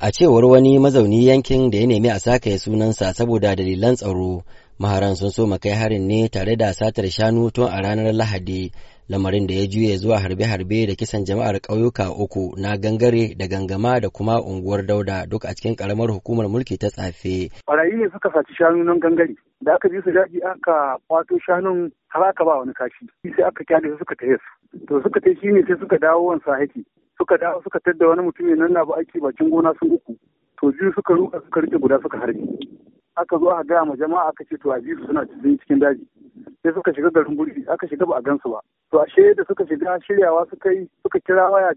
A cewar wani mazauni yankin da ya nemi a sakaye sunansa saboda dalilan tsaro, maharan sun so kai harin ne tare da satar shanu tun a ranar Lahadi, lamarin da ya juye zuwa harbe-harbe da kisan jama'ar ƙauyuka uku na gangare da gangama da kuma unguwar dauda duk a cikin ƙaramar hukumar mulki ta tsafe. Ɓarayi ne suka saci shanu nan gangare, da aka ji su daji aka kwato shanun har aka ba wani kashi, sai aka kyale suka tafi To suka tafi shine sai suka dawo wansa haki. suka dawo suka tadda wani mutum ya nan ba aiki bakin gona sun uku to biyu suka ruka suka rike guda suka harbi. aka zo aka gaya ma jama'a aka ce to a biyu suna cikin cikin daji sai suka shiga garin gurbi aka shiga ba a gansu ba to ashe da suka shiga shiryawa suka yi suka kira waya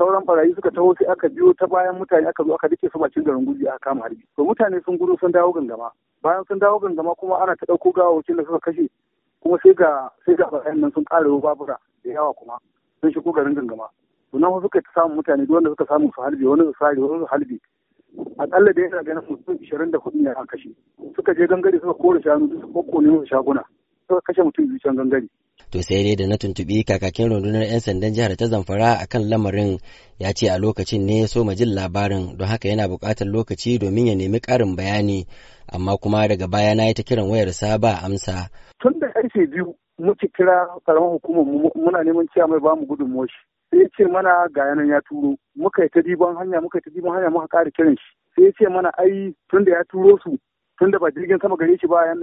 sauran barayi suka taho sai aka biyo ta bayan mutane aka zo aka rike su bakin garin gurbi aka kama harbi to mutane sun gudu sun dawo gangama bayan sun dawo gangama kuma ana ta ɗauko gawawakin da suka kashe kuma sai ga sai ga bayan nan sun ƙara babura da yawa kuma sun shigo garin gangama suna sunan suka ta samun mutane duk wanda suka samu su halbe wani su sari wani su halbe akalla da yana ganin mutum ishirin da kuɗi ne kashe suka je gangare suka kore shanu suka ne musu shaguna suka kashe mutum biyu can gangare to sai dai da na tuntubi kakakin rundunar 'yan sandan jihar ta zamfara a kan lamarin ya ce a lokacin ne ya ma jin labarin don haka yana buƙatar lokaci domin ya nemi ƙarin bayani amma kuma daga baya na yi ta kiran wayar sa ba amsa tun da ƙarfe biyu muke kira karamar hukumar mu muna neman cewa mai bamu gudun moshi sai ce mana ga yanan ya turo muka yi ta diban hanya muka yi ta diban hanya muka ƙara kiran shi sai ce mana ai tunda ya turo su tunda ba jirgin sama gare shi ba ya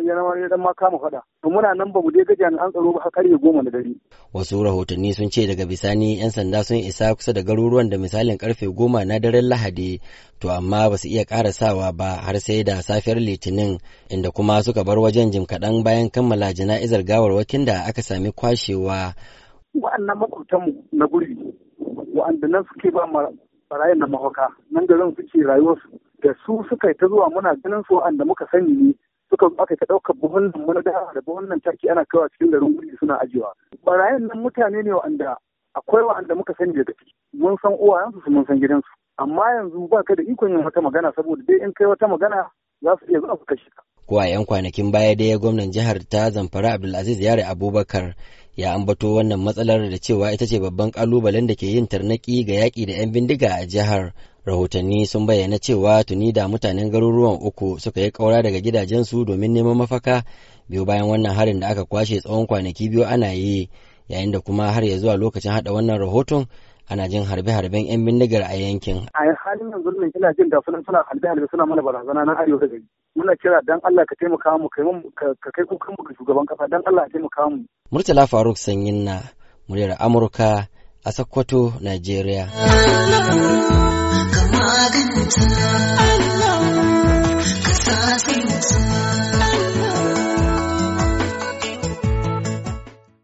dan ma kama fada to muna nan ba mu dai gaji an tsaro ba har karye goma na dare wasu rahotanni sun ce daga bisani yan sanda sun isa kusa da garuruwan da misalin karfe goma na daren lahadi to amma ba su iya karasawa ba har sai da safiyar litinin inda kuma suka bar wajen jim kaɗan bayan kammala jana'izar gawarwakin da aka sami kwashewa wa'annan makwabtanmu na gurbi wa'anda nan suke ba barayin na mahauka nan garin suke rayuwarsu da su suka ta zuwa muna ganin su wa'anda muka sani ne suka zo aka ɗauka ɗaukar buhun nan muna da da buhun nan taki ana kaiwa cikin garin guri suna ajiyewa. Barayin nan mutane ne wa'anda akwai wa'anda muka sani daga ciki mun san uwayensu su mun san gidansu amma yanzu ba ka da ikon yin wata magana saboda dai in kai wata magana za su iya zuwa su kashe ka. Ko a 'yan kwanakin baya dai gwamnan jihar ta Zamfara Abdulaziz Yare Abubakar ya ambato wannan matsalar da cewa ita ce babban kalubalen da ke yin tarnaki ga yaƙi da 'yan bindiga a jihar rahotanni sun bayyana cewa tuni da mutanen garuruwan uku suka yi ƙaura daga gidajensu domin neman mafaka biyu bayan wannan harin da aka kwashe tsawon kwanaki biyu ana yi yayin da kuma har ya zuwa lokacin hada wannan rahoton ana jin harbe-harben 'yan bindigar a yankin. A halin yanzu ne ina jin da sunan suna harbe-harbe suna mana barazana na arewa da gari. Muna kira dan Allah ka taimaka mu ka kai kukan mu ga shugaban kasa dan Allah ka taimaka mu. Murtala Faruk Sanyin na muryar Amurka a Sokoto, Najeriya. Maganta